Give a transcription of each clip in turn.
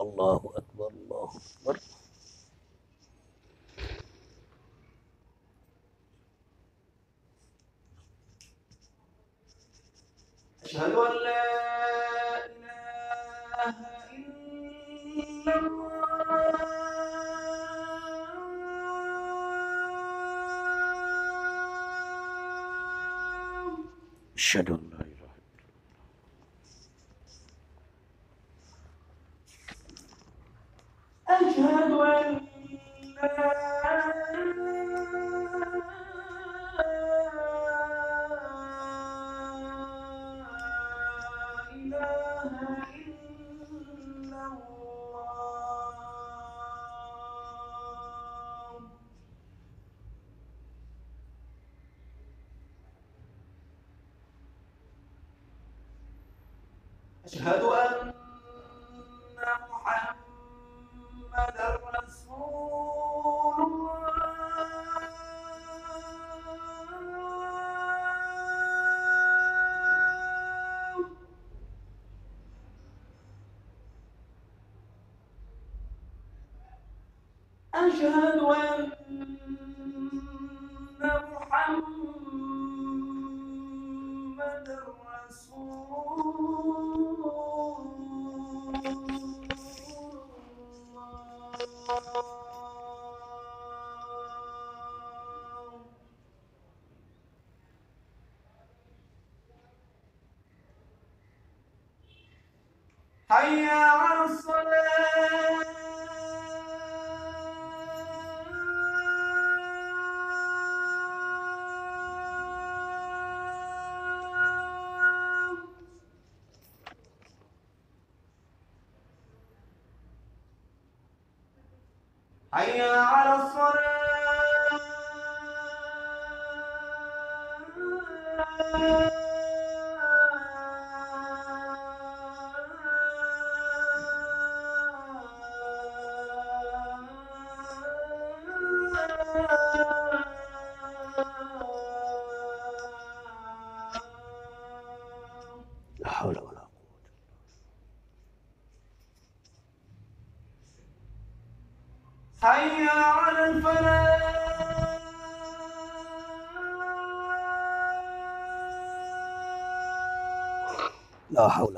الله schedule أشهد أن la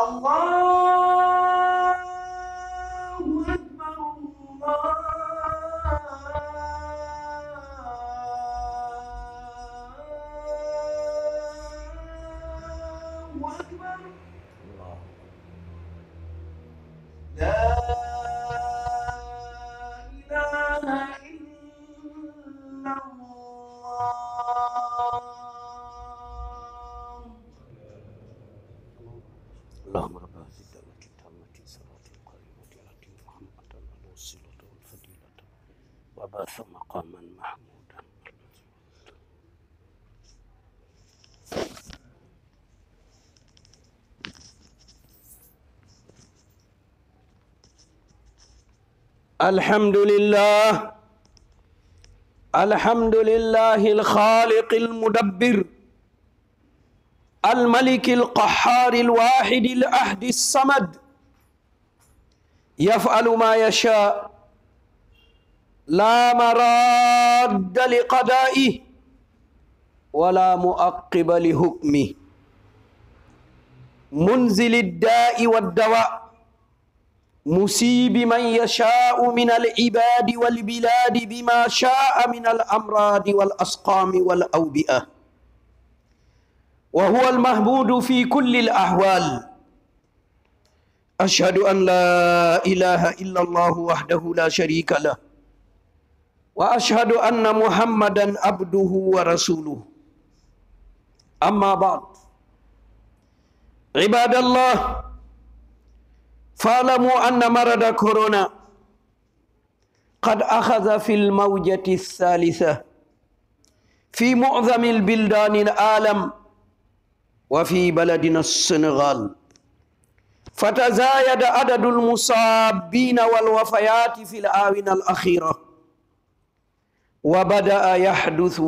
Allah وبعث مقاما محمودا الحمد لله الحمد لله الخالق المدبر الملك القحار الواحد الأحد الصمد يفعل ما يشاء لا مراد لقضائه ولا مؤقب لحكمه منزل الداء والدواء مصيب من يشاء من العباد والبلاد بما شاء من الأمراض والأسقام والأوبئة وهو المهبود في كل الأحوال أشهد أن لا إله إلا الله وحده لا شريك له واشهد ان محمدا عبده ورسوله اما بعد عباد الله فاعلموا ان مرض كورونا قد اخذ في الموجه الثالثه في معظم البلدان العالم وفي بلدنا السنغال فتزايد عدد المصابين والوفيات في الآونة الأخيرة وبدأ يحدث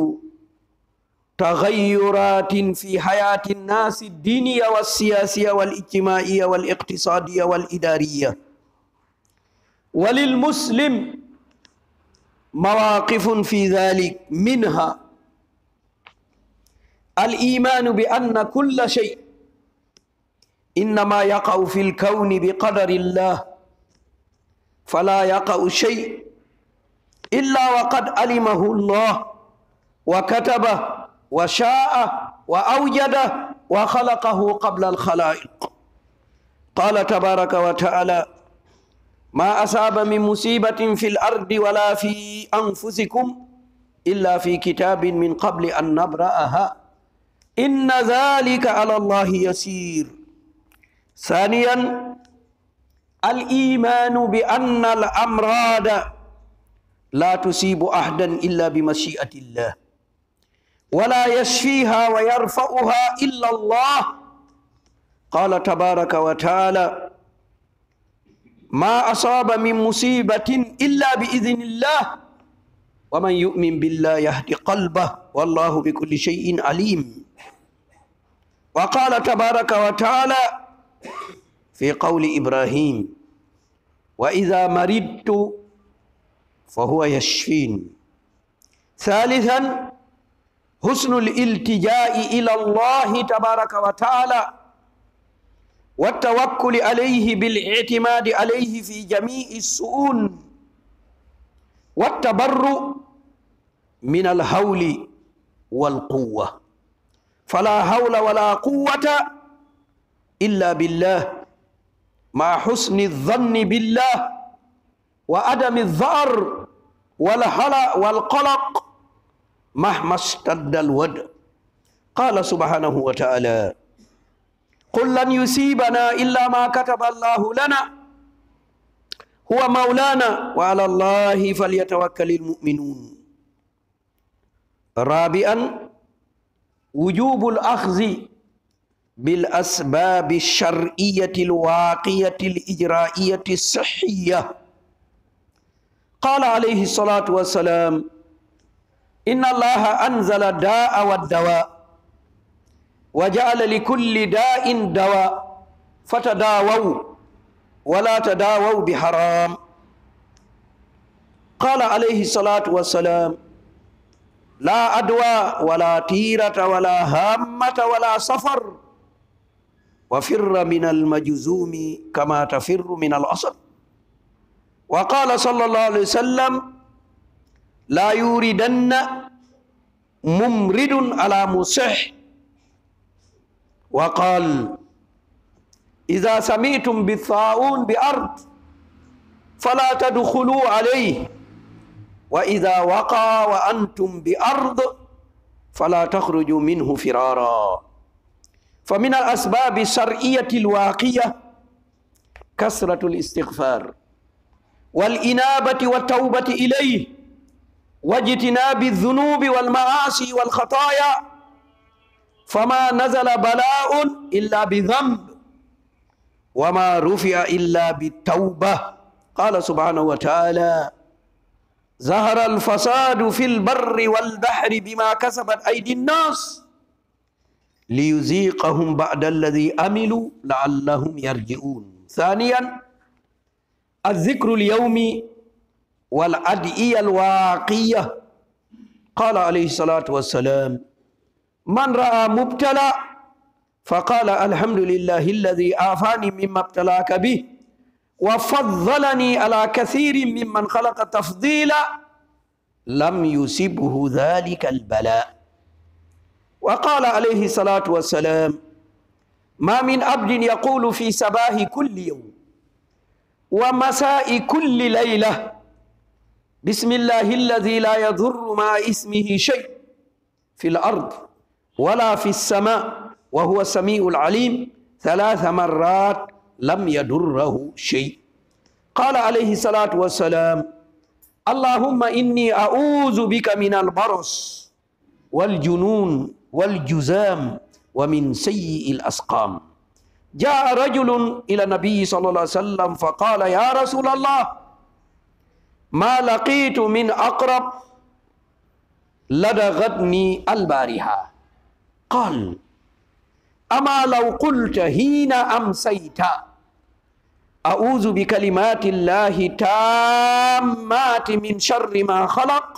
تغيرات في حياة الناس الدينية والسياسية والاجتماعية والاقتصادية والإدارية وللمسلم مواقف في ذلك منها الإيمان بأن كل شيء إنما يقع في الكون بقدر الله فلا يقع شيء إلا وقد علمه الله وكتبه وشاء وأوجده وخلقه قبل الخلائق قال تبارك وتعالى ما أصاب من مصيبة في الأرض ولا في أنفسكم إلا في كتاب من قبل أن نبرأها إن ذلك على الله يسير ثانيا الإيمان بأن الأمراض لا تصيب أحدا إلا بمشيئة الله ولا يشفيها ويرفعها إلا الله قال تبارك وتعالى ما أصاب من مصيبة إلا بإذن الله ومن يؤمن بالله يهدي قلبه والله بكل شيء عليم وقال تبارك وتعالى في قول إبراهيم وإذا مرضت فهو يشفين ثالثا حسن الالتجاء إلى الله تبارك وتعالى والتوكل عليه بالاعتماد عليه في جميع السؤون والتبرؤ من الهول والقوة فلا هول ولا قوة إلا بالله مع حسن الظن بالله وعدم الظأر والقلق مهما اشتد الود قال سبحانه وتعالى قل لن يصيبنا إلا ما كتب الله لنا هو مولانا وعلى الله فليتوكل المؤمنون رابعا وجوب الأخذ بالأسباب الشرعية الواقية الإجرائية الصحية قال عليه الصلاة والسلام إن الله أنزل داء والدواء وجعل لكل داء دواء فتداووا ولا تداووا بحرام قال عليه الصلاة والسلام لا أدوى ولا تيرة ولا هامة ولا سفر وفر من المجزوم كما تفر من الأصل وقال صلى الله عليه وسلم لا يوردن ممرد على مصح وقال إذا سمعتم بالطاعون بأرض فلا تدخلوا عليه وإذا وقع وأنتم بأرض فلا تخرجوا منه فرارا فمن الأسباب الشرعية الواقية كسرة الاستغفار والإنابة والتوبة إليه واجتناب الذنوب والمعاصي والخطايا فما نزل بلاء إلا بذنب وما رفع إلا بالتوبة قال سبحانه وتعالى ظهر الفساد في البر والبحر بما كسبت أيدي الناس ليذيقهم بعد الذي أملوا لعلهم يرجعون ثانياً الذكر اليومي والأدعية الواقية قال عليه الصلاة والسلام من رأى مبتلى فقال الحمد لله الذي آفاني مما ابتلاك به وفضلني على كثير ممن خلق تفضيلا لم يصبه ذلك البلاء وقال عليه الصلاة والسلام ما من عبد يقول في سباه كل يوم ومساء كل ليلة بسم الله الذي لا يضر مع اسمه شيء في الأرض ولا في السماء وهو السميع العليم ثلاث مرات لم يضره شيء قال عليه الصلاة والسلام اللهم إني أعوذ بك من البرص والجنون والجزام ومن سيء الأسقام جاء رجل إلى النبي صلى الله عليه وسلم فقال يا رسول الله ما لقيت من أقرب لدغتني البارحة قال أما لو قلت حين أمسيت أعوذ بكلمات الله تامات من شر ما خلق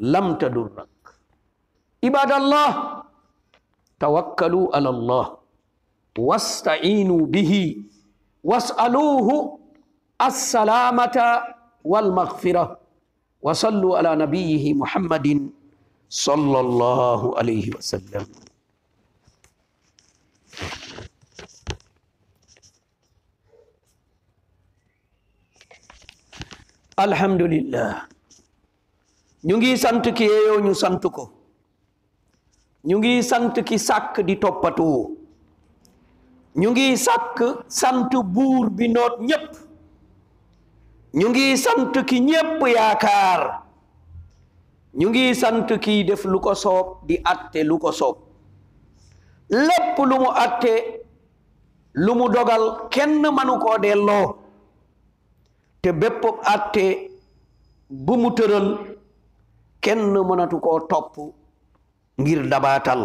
لم تدرك عباد الله توكلوا على الله واستعينوا به واسألوه السلامة والمغفرة وصلوا على نبيه محمد صلى الله عليه وسلم الحمد لله ngi سانتكي ki yeeyoo سانتكو sant سانتكي ساك دي توباتو ñu ngi sàkk sant buur bi noot ñépp ñu ngi sant ki ñépp yaakaar ñu ngi sant ki def lu ko soob di atte lu ko soob lépp lu mu atte lu mu dogal kenn manu koo delloo te bépp atte bu mu tëral kenn mënatu koo topp ngir dabaatal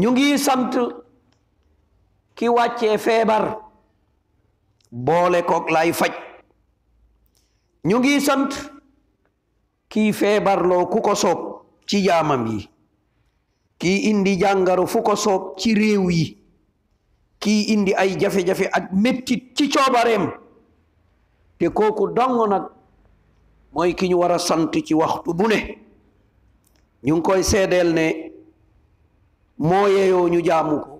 ñu ngi sant ki wàccee feebar boole kook lay faj ñu ngi sant kii feebarloo ku ko soob ci jaamam yi ki indi jàngaro fu ko soob ci réew yi ki indi ay jafe-jafe ak mettit ci coobareem te kooku dong nag mooy ki ñu war a sant ci waxtu bu ne ñu ngi koy seedeel ne moo yeyoo ñu jaamu ko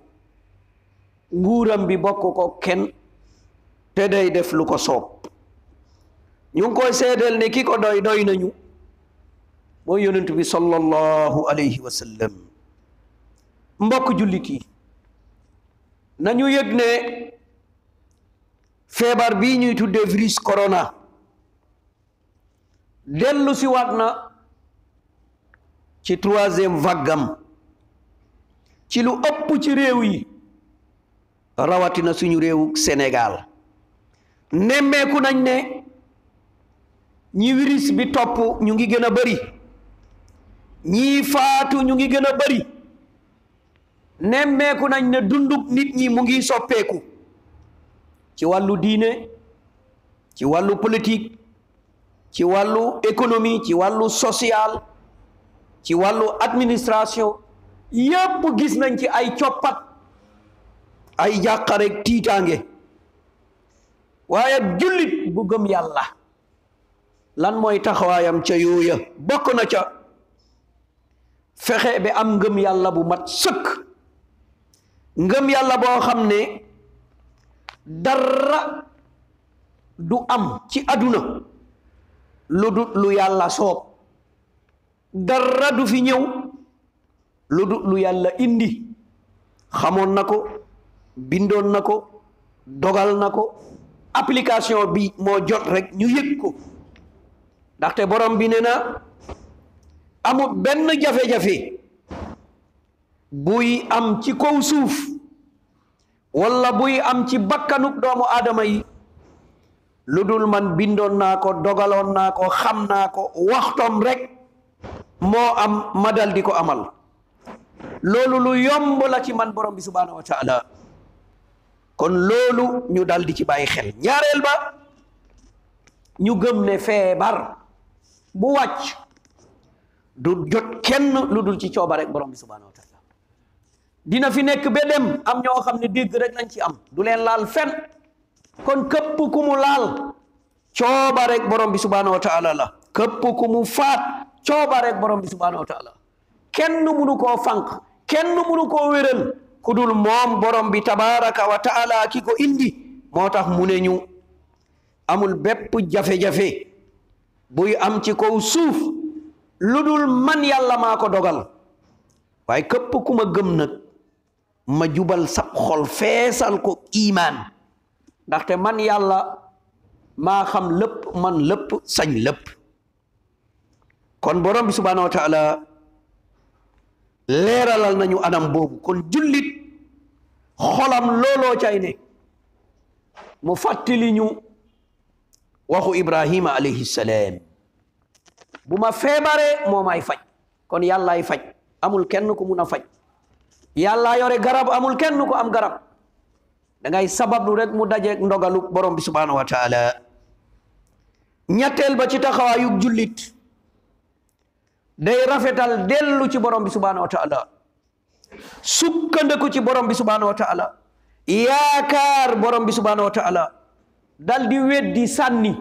nguuram bi bokk ko ken te day def lu ko soob ñu ngi koy seedel ne ki ko doy doy nañu mooy yonent bi salallahu alayhi wa sallam mbokk jullit yi nañu yëg ne feebar bii ñuy tuddee virus corona dellu si waat na ci troisième vaggam ci lu ëpp ci réew yi rawatina suñu réewu Sénégal nemmeeku nañ ne ñi wiris bi topp ñu ngi gën a bari ñii faatu ñu ngi gën a bari nemmeeku nañ ne dundub nit ñi mu ngi soppeeku ci wàllu diine ci wàllu politique ci wàllu économie ci wàllu social ci wàllu administration yépp gis nañ ci ay coppat ay jàqa ya rek titange waye julit bu gem yalla lan moy taxawayam ca yoya bokk na ca fexé be am gem yalla bu mat seuk ngëm yalla bo xamné dara du am ci aduna lu lu yalla soob dara du fi ñew lu lu yalla indi xamone nako bindon nako, dogal nako, application bi mo jot rek ñu yëg ko te borom bi neena amu ben jafé jafé buy am ci kaw suuf wala buy am ci bakkanuk doomu adama yi ludul man bindon nako, dogalon nako, xam nako waxtom rek mo am madal diko amal loolu lu yomb la ci man borom bi subhanahu wa taala kon loolu ñu daldi ci bàyyi xel ñaareel ba ñu gëm ne feebar bu wàcc du jot kenn lu dul ci cooba rek borom bi subhaanahu wa dina fi nekk ba am ñoo xam ne dégg rek lañ ci am du leen laal fen kon këpp laal cooba rek borom bi subhaanahu wa la këpp ku mu faat cooba rek borom bi subhaanahu wa kenn mënu koo fànq kenn mënu koo wéral Kudul mom borom bi tabaarak wa taala kiko indi motax muneñu amul bepp jafe-jafe buy am ci ko suuf ludul man yalla mako dogal way kep kuma gem nak ma jubal sab xol fessal ko imaan ndaxte man yalla ma xam lepp man lepp sañ lepp kon borom bi subhanahu wa taala leralal nañu anam bobu kon julit xolam lolo cay ne mu fatali ñu waxu ibrahim alayhi salam buma febare momay faj kon yàllaay faj amul kenn ku muna a faj yàlla yore garab amul kenn ku am garab da ngay lu rek mu dajje ndogalu borom bi subhanahu wa taala ñettel ba ci taxawayuk julit day rafetal delu ci borom bi subhanahu wa ta'ala sukkandiku ci borom bi subhanahu wa ta'ala yaakar borom bi subhanahu wa ta'ala dal di weddi sanni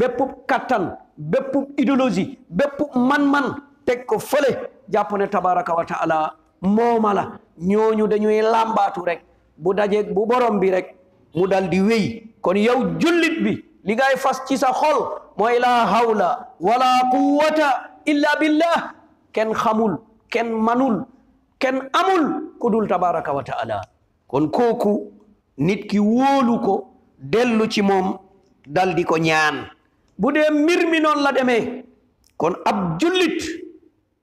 katan katan bepp idéologie bepp man-man tek ko fele jappone tabaarak wa ta'ala momala la ñooñu dañuy lambatu rek bu dajje bu borom bi rek mu dal di wéy kon yow jullit bi li ngay fas ci sa xol moy la hawla wala quwwata illaa billah kenn xamul kenn manul kenn amul ku dul tabaraka wa kon kooku nit ki wóolu ko dellu ci moom daldi ko ñaan bu dee mbir mi la demee kon ab jullit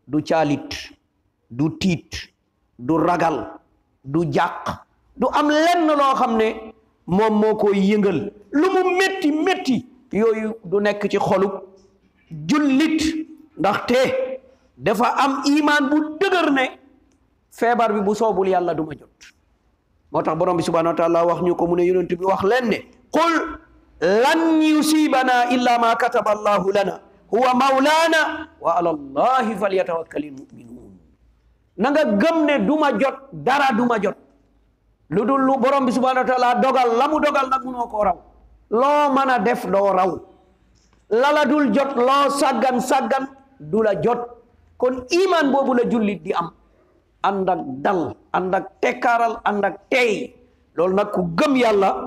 du caalit du tiit du ragal du jàq du am lenn loo xam ne moom moo ko yëngal lu mu métti métti yooyu du nekk ci xolub jullit te dafa am iman bu deugar ne febar bi bu sobul yalla duma jot motax borom bi subhanahu wa taala wax ñu ko mu ne bi wax len ne qul lan yusibana illa ma kataba Allah lana huwa Maulana wa ala allahi falyatawakkal mu'minun na nga gem ne duma jot dara duma jot lu lu borom bi subhanahu wa taala dogal lamu dogal nak mu noko raw lo mana def do raw lala dul jot lo sagan. sagan dula jod, jot kon iman bobu la julit di am andak dal andak tekaral, andak tey lol nak ku gem yalla ya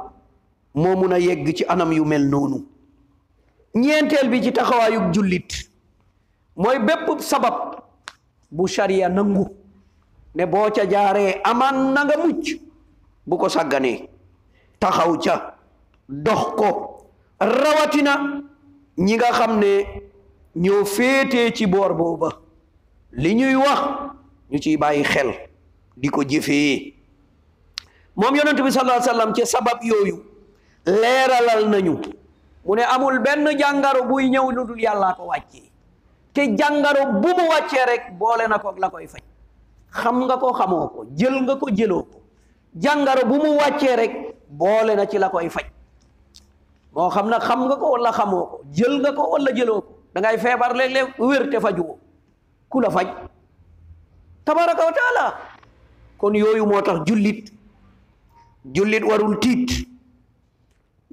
mo meuna yegg ci anam yu mel nonu ñentel bi ci taxawaayug jullit moy bepp sabab bu sharia nangu ne bo ca jare aman na nga mucc bu ko sagane taxaw ca dox ko rawatina ñi nga xamne ñoo féetee ci boor booba li ñuy wax ñu ciy bàyyi xel di ko jëfee moom yonent bi ci sabab yooyu leeralal nañu mu ne amul benn jàngaro buy ñëw lu dul yàllaa ko wàccee te jàngaro bu mu wàccee rek boole na ko la koy faj xam nga ko xamoo ko jël nga ko jëloo ko jàngaro bu mu wàccee rek boole na ci la koy faj moo xam na xam nga ko wala xamoo ko jël nga ko wala jëloo ko da ngay febar leg leg wér te fajuwoo ku faj tabarak wa taala kon yoyu motax julit julit warul warul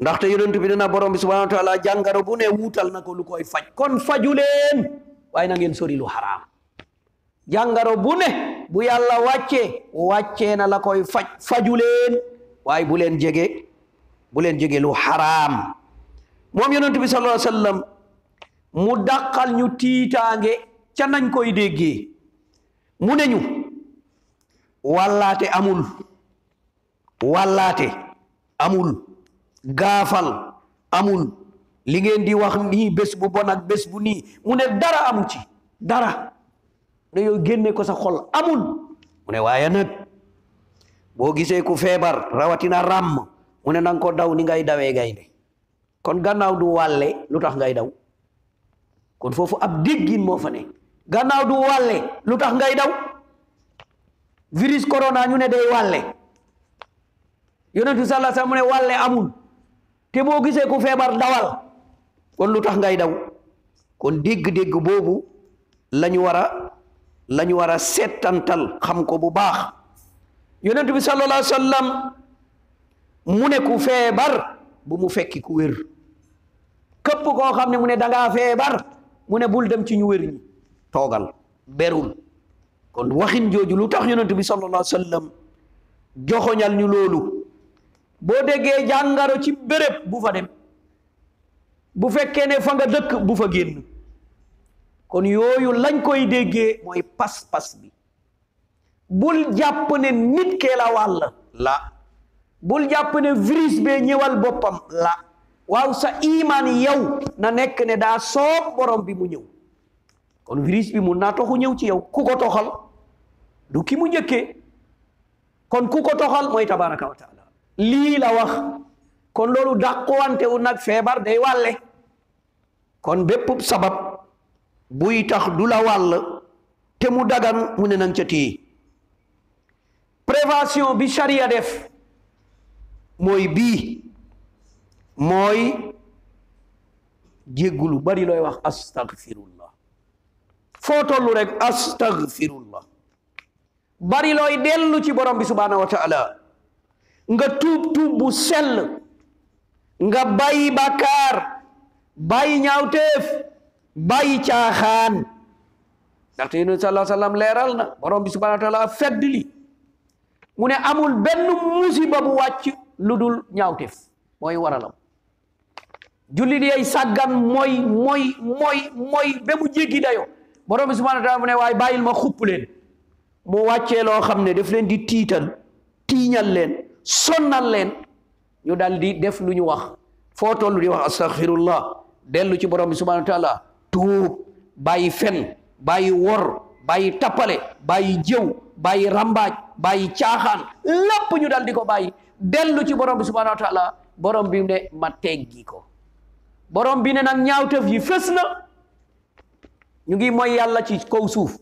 ndax te yonent bi dina borom subhanahu wa taala jangaro bu ne wutal na lu koy faj kon fajulen way na ngeen sori lu haram jangaro bu ne bu yalla wacce wacce na la koy faj fajulen way bu len jege bu len jege lu haram mom yonent bi sallallahu alaihi wasallam mu dàqal ñu tiitaange ca nañ koy déggee mu ne ñu wallaate amul wallaate amul gaafal amul li ngeen di wax ni bés bu bon ak bés bu nii mu ne dara am ci dara ne génne ko sa xol amul mu ne waaye nag boo gisee ku feebar rawatina ràmm mu ne nanga ko daw ni ngay dawee gaynde kon gannaaw du wàlle lu tax ngay daw kon foofu ab déggin moo fa ne gannaaw du walle lu tax ngay daw virus corona ñu ne day wàlle yonentu sallallahu alayhi wasallam mu ne wàlle amul te boo gisee ku feebar dawal kon lu tax ngay daw kon dégg-dégg boobu lañu war a la war a seetantal xam ko bu baax yonentu bi sallallahu alayhi mu ne ku feebar bu mu fekki ku wér képp koo xam ne mu ne dangaa feebar mu ne bul dem ci ñu wér ñi toogal berul kon waxin jooju lu tax yonent bi sallallahu alayhi wa sallam joxoñal ñu loolu boo déggee jàngaro ci béréb bu fa dem bu fekkee ne fa nga dëkk bu fa génn kon yooyu lañ koy déggee mooy pas-pas bi bul jàpp ne nit kee la wàll la bul jàpp ne virus bee ñëwal boppam la waaw sa iman yow na nek ne daa so borom bi mu ñew kon virus bi mun naa ko ñew ci yow ku ko toxal du ki mu kon ku ko toxal moy tabaraka wa taala li la wax kon loolu dàquwante wu nak febar day walé kon bepp sabab buy tax du la wal te mu dagan mu ne nang ci ti prévention bi sharia def moy bi mooy jéggulu bari looy wax astaghfirullah foo tollu rek astaghfirullah bari dellu ci borom bi subhaanahu wa taala nga tuub tuub bu sell nga bàyyi bàkkaar bàyyi ñaawteef bàyyi caaxaan ndaxte yonent bi sallallahu wa sallam leeral na borom bi subhaanahu wa taala fedd li mu ne amul benn musiba bu wàcc lu dul ñaawteef mooy waralam Juli dia ay moy moy moy moy mooy ba mu jegi dayo borom subhanahu wa taala mu ne waaye bàyyil ma len mu wacce lo xamne ne len di tital tiñal len sonnal len ñu daldi def lu wax fo tollu di wax astaghfirullah delu ci borom subhanahu wa taala tu bayi fen bayi wor bayi tapale bayi jew bayi rambaaj bayi chaahan lepp ñu daldi di ko bayi delu ci borom subhanahu wa taala borom bi ne ma teggi ko borom bi ne nag ñaawteef yi fës na ñu ngi moy yàlla ci kaw suuf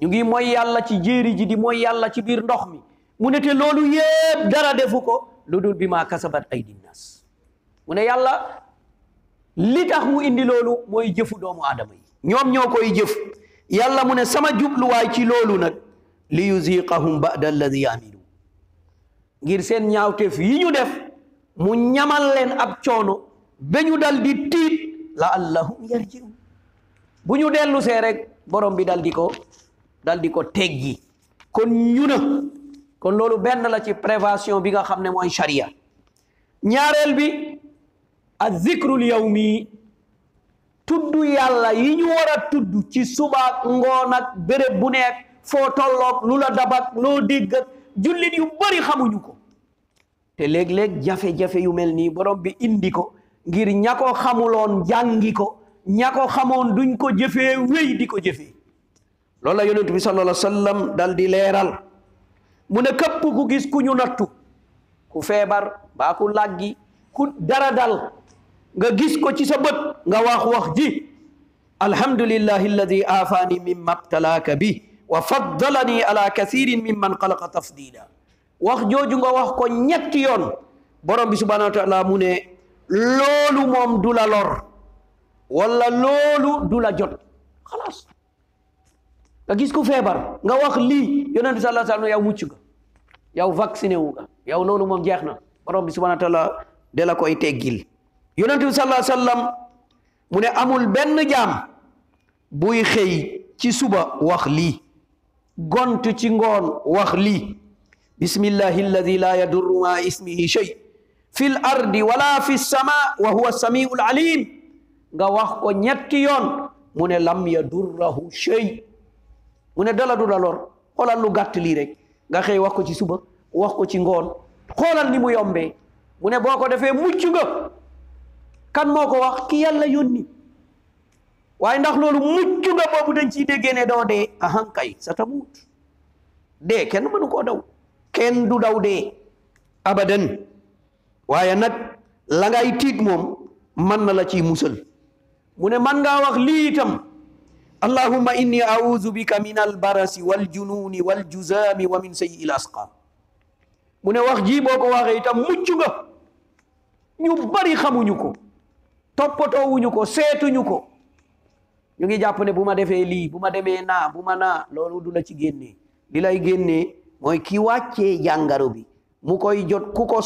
ñu ngi mooy yàlla ci jéeri ji di mooy yàlla ci biir ndox mi mu ne te loolu yépp dara defu ko lu dul bi maa kasabat ay dinnaas mu ne yàlla li tax mu indi loolu mooy jëfu doomu aadama yi ñoom ñoo koy jëf yàlla mu ne sama jubluwaay ci loolu nag li yuziqahum ba'da alladi amilu ngir seen ñaawteef yi ñu def mu ñamal leen ab coono ba ñu dal di tiit la allahum yarjiun bu ñu dellu see rek borom bi dal di ko dal di ko teggi kon ñu kon loolu benn la ci prévention bi nga xam ne mooy charia ñaareel bi ak zikrul yawmi tudd yàlla yi ñu war a tudd ci subaak ngoon ak béréb bu nekk foo tolloog lu la dabak loo dégg jullit yu bari xamuñu ko te léeg-léeg jafe-jafe yu mel nii borom bi indi ko ngir ñako xamulon xamuloon ko ña ko duñ ko jëfé wéy diko jëfé loolu la yonent bi sallallahu alayhi wasallam dal di leral mu ne kep ku gis ku ñu nattu ku febar ba ku laggi ku dara dal nga gis ko ci sa bëtt nga wax wax ji alhamdulillahi alladhi afani mimma btalaka bi wa faddalani ala kathirin mimman xalaqa tafdila wax joju nga wax ko ñetti yoon borom bi subhanahu wa taala mu ne loolu moom du la lor wala loolu du la jot nga gis ku feebar nga wax lii yonent bi sallallahu yow mucc nga yow vacciné wu nga yow loolu moom jeex na borom bi subhanahu wa de la koy teggil yonent bi sallallahu alayhi mu ne amul benn jaam buy xëy ci suba wax lii gont ci ngoon wax lii bismillahi alladi la yadurru ma ismihi shay fil ardi wala fis sama wa huwa samiul alim ga wax ko ñetti yon mune lam yadurrahu shay mune dala du la lor lu gatt li rek nga xey wax ko ci suba wax ko ci ngon xolal ni mu yombe mune boko defé muccu nga kan moko wax ki yalla yoni waaye ndax lolu muccu nga bobu dañ ci déggee ne doo dee ahankay sa tamut dee kenn mënu koo daw kenn du daw dee abadan waye nak la ngay tit mom man na la ci musal mune man nga wax li itam allahumma inni auzu bika min albarasi wal waljuzami wa min sayi asqa. Mune mu wax ji boko waxe itam muccu nga ñu bari xamuñu ko wuñu ko setuñu ko ñu ngi japp ne buma defé li buma démé na buma na lolu du la ci li lay moy ki jangaro bi mu koy jot kuko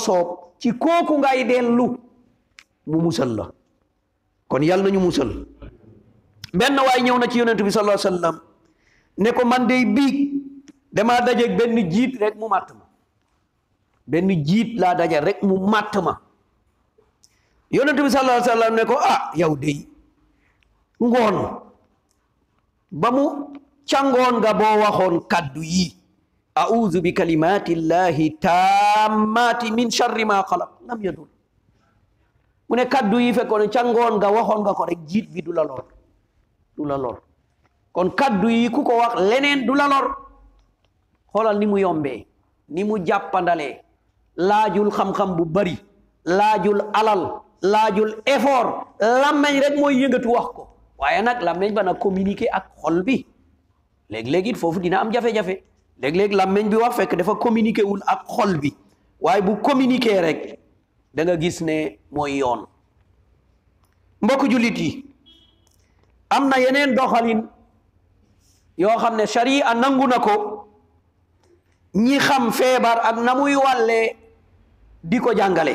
ci kooku ngay dellu mu musal la kon yàlla nañu musal benn waaye ñëw na ci yonentu bi sallallahu alayhi ne ko man dey biig damaa dajeeg benn jiit rek mu màtt ma benn jiit laa daja rek mu màtt ma yonentu bi sallallahu alayhi ne ko ah yow dey ngoon ba mu cangoon nga boo waxoon kàddu yi আউযু বিকালিমাতিল্লাহি তাম্মাতি মিন শাররি মা খালাক lam yadul mu ne kaddu yi fekkoon càngoon nga waxoon nga ko rek jiit bi du la lor du la lor kon kaddu yi ku ko wax leneen du la lor xoolal ni mu yombee ni mu jàppandalee laajul xam-xam bu bari laajul alal laajul effort làmmeñ rek mooy yëngatu wax ko waaye nag làmmeñ ba na communiquer ak xol bi léeg-léeg it foofu dina am jafe-jafe léeg-léeg làmmiñ bi wax fekk dafa communiqué wul ak xol bi waaye bu communiqué rek danga gis ne mooy yoon mbokk jullit yi am na yeneen doxalin yoo xam ne sharia nangu na ko ñi xam feebar ak na muy wàllee di ko jàngale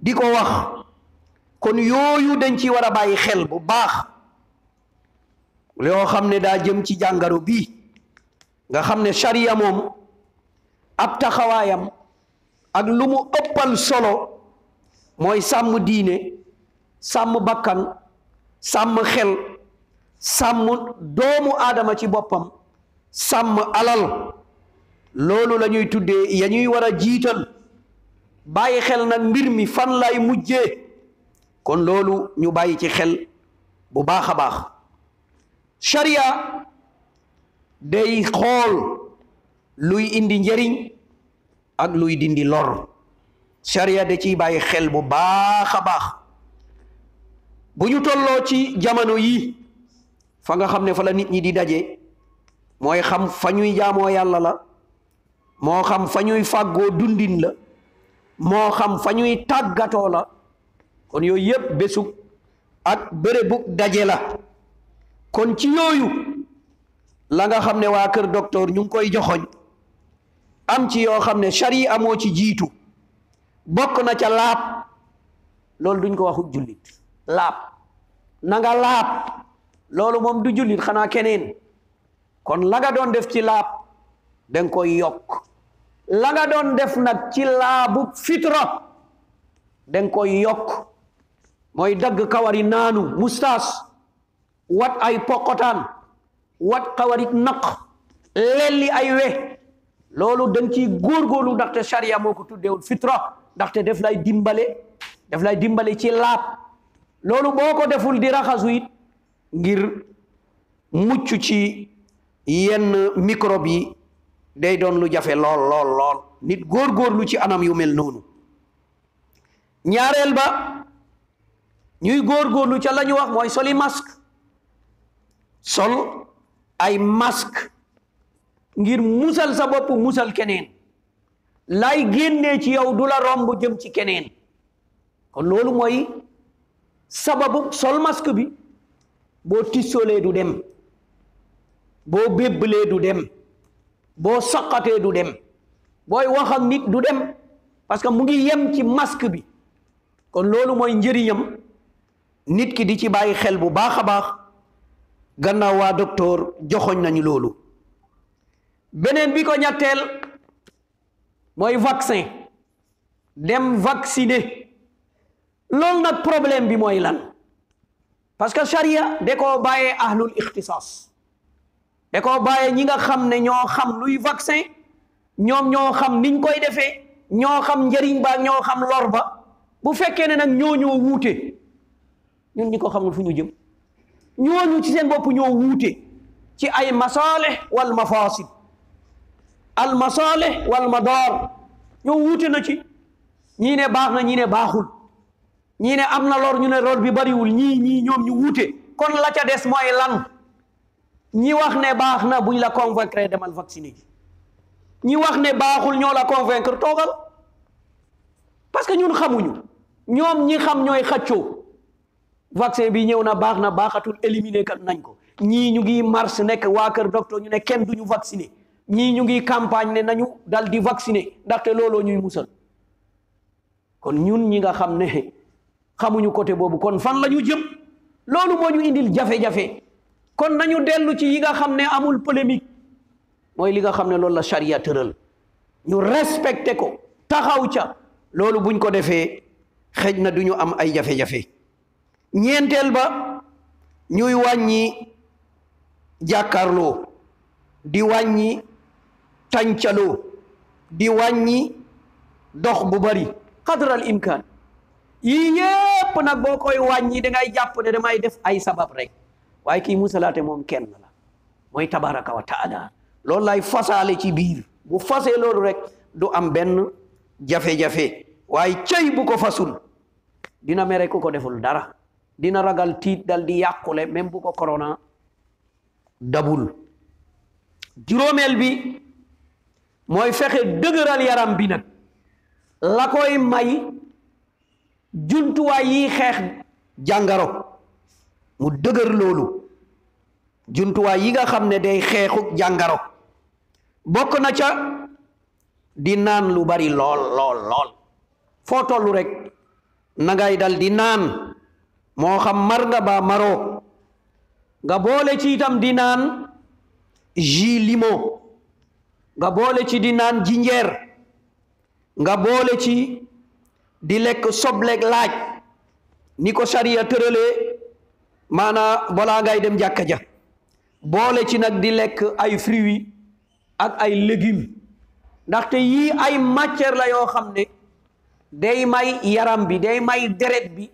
di ko wax kon yooyu dañ ci war a bàyyi xel bu baax yoo xam ne daa jëm ci jàngaro bii nga xam ne sariya moom ab taxawaayam ak lu mu ëppal solo mooy sàmm diine sàmm bakkan sàmm xel sàmm doomu aadama ci boppam sàmm alal loolu lañuy ñuy tuddee ya war a jiital bàyyi xel nag mbir mi fan lay mujje kon loolu ñu bàyyi ci xel bu baax a baax sariya day xool luy indi njariñ ak luy dindi lor sharia da ciy bàyyi xel bu baax baax bu ñu tolloo ci jamono yi fa nga xam ne fa la nit ñi di daje mooy xam fa ñuy jaamoo yàlla la moo xam fa ñuy fàggoo dundin la moo xam fa ñuy tàggatoo la kon yooyu yépp bésug ak bérébug daje la kon ci yooyu la nga xam ne waa kër docteur ñu ngi koy joxoñ am ci yoo xam ne sharia moo ci jiitu bokk na ca laab loolu duñ ko waxu jullit laab na nga laab loolu moom du jullit xanaa keneen kon la nga doon def ci laab danga koy yokk la nga doon def nag ci laabu fitra danga koy yokk mooy dagg kawari naanu mustaas wat ay poqotaan wat kawarit naq lelli ay we loolu dañ ciy góorgóorlu ndaxte charia moo ko tuddeewul fitra ndaxte def lay dimbale def lay dimbale ci laab loolu boo ko deful di raxasu it ngir mucc ci yenn microbe yi day doon lu jafe lool lool lool nit góorgóorlu ci anam yu mel noonu ñaareel ba ñuy góorgóorlu ca la wax mooy soli masque sol ay mask ngir musal sa musal keneen lay génnee ci yow du la romb jëm ci keneen kon loolu mooy sababu sol masque bi boo tissolee du dem boo bébbalee du dem boo saqatee du dem booy wax ak nit du dem parce que mu ngi yem ci masque bi kon loolu mooy njëriñam nit ki di ci bàyyi xel bu baax a baax gannaaw waa docteur joxoñ nañu loolu beneen bi ko ñetteel mooy vaccin dem vacciner loolu nag problème bi mooy lan parce que charia da koo bàyyee ahlul ixtisaas da koo bàyyee ñi nga xam ne ñoo xam luy vaccin ñoom ñoo xam niñ koy defee ñoo xam njëriñ ba ñoo xam lor ba bu fekkee ne nag ñoo ñoo wuute ñun ñu ko xamul fu ñu jëm ñooñu ci seen boppu ñoo wute ci ay masaalih wal mafasid al masaalih wal madaar ñoo wuute na ci ñii ne baax na ñii ne baaxul ñii ne am na lor ñu ne root bi bariwul ñii ñii ñoom ñu wuute kon la ca des mooy lan ñi wax ne baax na buñ la convaincre demal vacciner ji ñi wax ne baaxul ñoo la convaincre toogal parce que ñun xamuñu ñoom ñi xam ñooy xaccoo vaccin bi ñëw na baax na baaxatul éliminer kan nañ ko ñii ñu ngi mars nekk waa kër docteur ñu ne kenn du ñu vacciné ñii ñu ngi campagne ne nañu dal di vacciné ndaxte looloo ñuy musal kon ñun ñi nga xam ne xamuñu côté boobu kon fan la ñu jëm loolu moo ñu indil jafe-jafe kon nañu dellu ci yi nga xam ne amul polémique mooy li nga xam ne loolu la charia tëral ñu respecté ko taxaw ca loolu buñ ko defee xëj na du ñu am ay jafe-jafe ñeenteel ba ñuy wàññi jàkkaarloo di wàññi tàncaloo di wàññi dox bu bari qadral imkaan yii yépp nag boo koy wàññi da ngay jàpp ne damay def ay sabab rek waaye kii musalaate moom kenn la mooy tabaraka wa taala loolu lay fasaale ci biir bu fasee loolu rek du am benn jafe-jafe waaye cey bu ko fasul dina mere ku ko deful dara dina ragal tiit dal di yàqule même bu ko dabul juróomeel bi mooy fexe dëgëral yaram bi nag la koy may jumtuwaay yi xeex jàngaro mu dëgër loolu jumtuwaay yi nga xam ne day xeexuk jàngaro bokk na ca di naan lu bari lool lool lool foo tollu rek na dal di naan mo xam mar nga ba maro nga boole ci itam di naan ji limo nga boole ci di naan jinjeer nga boole ci di lekk sobleeg laaj ni ko sharia tëralee mana balaa ngay dem jakka ja boole ci nag di lekk ay fruits ak ay légumes ndaxte yi ay matière la yoo xam day may yaram bi day may deret bi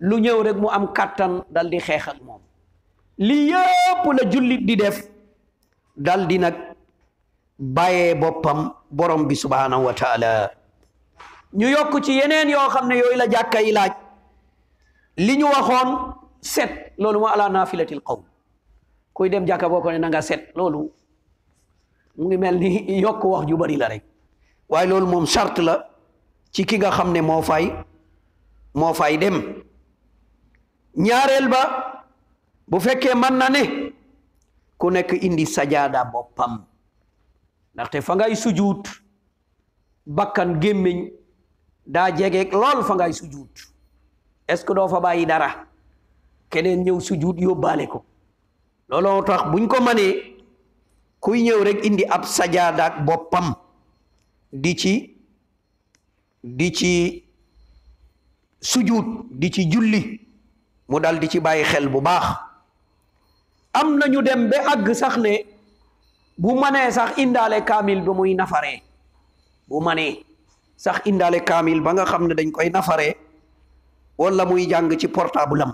lu ñëw rek mu am kàttan dal di xeex moom li yëpp la jullit di def daldi nag bàyyee boppam borom bi subhaanahu wa ñu yokk ci yeneen yoo xam ne yooyu la jàkka yi laaj li ñu waxoon set loolu moo ala naafilatil kaw kuy dem jàkka boo ko ne set loolu mu ngi mel ni yokk wax ju bari la rek waaye loolu moom sart la ci ki nga xam ne moo fay moo fay dem ñaareel ba bu fekkee man na ne ku nekk indi sajaada boppam ndaxte fa ngay sujuut bakkan gémmiñ daa jegeeg lool fa ngay sujuut est-ce que doo fa bàyyi dara keneen ñëw sujuut yóbbaale ko looloo tax buñ ko manee kuy ñëw rek indi ab sajaada boppam di ci di ci sujuut di ci julli mu dal di ci bàyyi xel bu baax am na ñu dem ba àgg sax ne bu manee sax indaale kaamil ba muy nafaree bu manee sax indaale kaamil ba nga xam ne dañ koy nafaree wala muy jàng ci portable am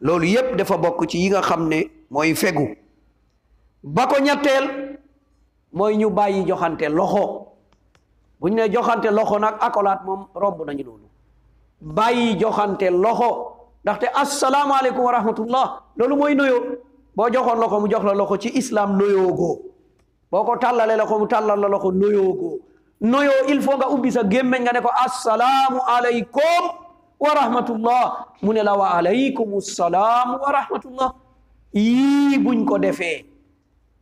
loolu yépp dafa bokk ci yi nga xam ne mooy fegu ba ko ñetteel mooy ñu bàyyi joxante loxo bu ñu ne joxante loxo nag akolaat moom romb nañu loolu bàyyi joxante loxo ndaxte asalaamaaleykum wa rahmatullah loolu mooy nuyoo boo joxoon loxo mu jox la loxo ci islam nuyoo goo boo ko tàllalee loxo mu tàllal la loxo nuyoo goo nuyoo il faut nga ubbi sa gémmeñ nga ne ko asalaamu aleykum wa rahmatullah mu ne la wa aleykum salaam wa rahmatullah yii buñ ko defee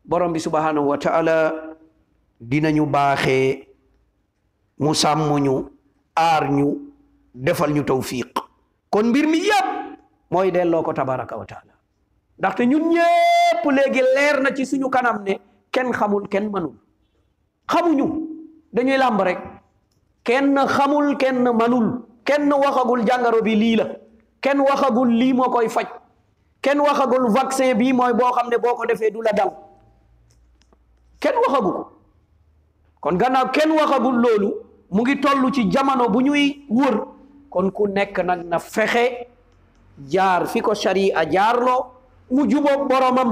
borom bi subhanahu wa taala dinañu baaxe mu sàmm ñu aar ñu defal ñu tawfiq kon bir mi yeb moy delo ko tabaraka wa taala te ñun ñepp legi leer na ci suñu kanam ne ken xamul ken manul xamuñu dañuy lamb rek ken xamul ken manul ken waxagul jangaro bi li la ken waxagul li mo koy faj ken waxagul vaccin bi moy bo xamne ne defé ko du la dal ken waxagul ko kon ganna ken waxagul lolu mu ngi tollu ci jamono bu ñuy wër kon ku nekk nag na fexe jaar fi ko sharia jaarloo mu jubóog boromam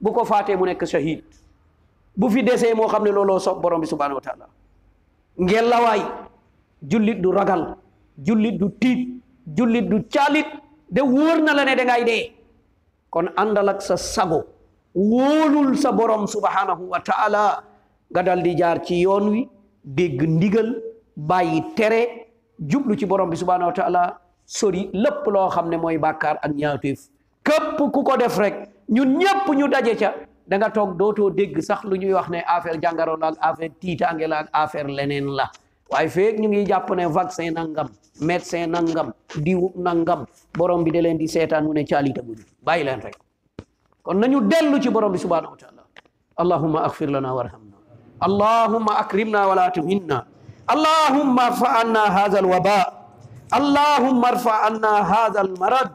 bu ko faatee mu nekk shahid bu fi desee moo xam ne looloo soog borom bi subhanahu wa taala ngelawaay jullit du ragal jullit du tiit jullit du caalit de wóor na la ne da ngay dee kon àndal ak sa sago wóolul sa borom subhanahu wa taala nga dal di jaar ci yoon wi dégg ndigal bàyyi tere jublu ci borom bi subhanahu wa ta'ala sori lepp lo xamne moy bakar ak ñaawtif kep ku ko def rek ñun ñepp ñu dajé ca da nga tok doto deg sax lu ñuy wax ne affaire jangaro la affaire titangé la affaire lenen la waye feek ñu ngi japp ne vaccin nangam médecin nangam diw nangam borom bi de len di setan mu ne ciali ta gudu bayyi len rek kon nañu delu ci borom bi subhanahu wa ta'ala allahumma aghfir lana warhamna allahumma akrimna wa la tuhinna اللهم ارفع عنا هذا الوباء اللهم ارفع عنا هذا المرض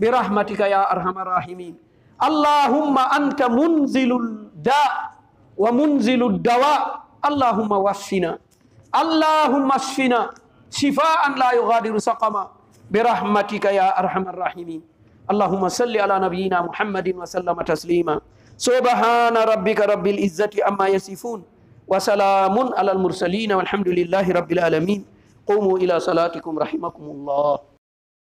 برحمتك يا ارحم الراحمين اللهم انت منزل الداء ومنزل الدواء اللهم وفنا اللهم اشفنا شفاء لا يغادر سقما برحمتك يا ارحم الراحمين اللهم صل على نبينا محمد وسلم تسليما سبحان ربك رب العزه عما يصفون وسلام على المرسلين والحمد لله رب العالمين قوموا إلى صلاتكم رحمكم الله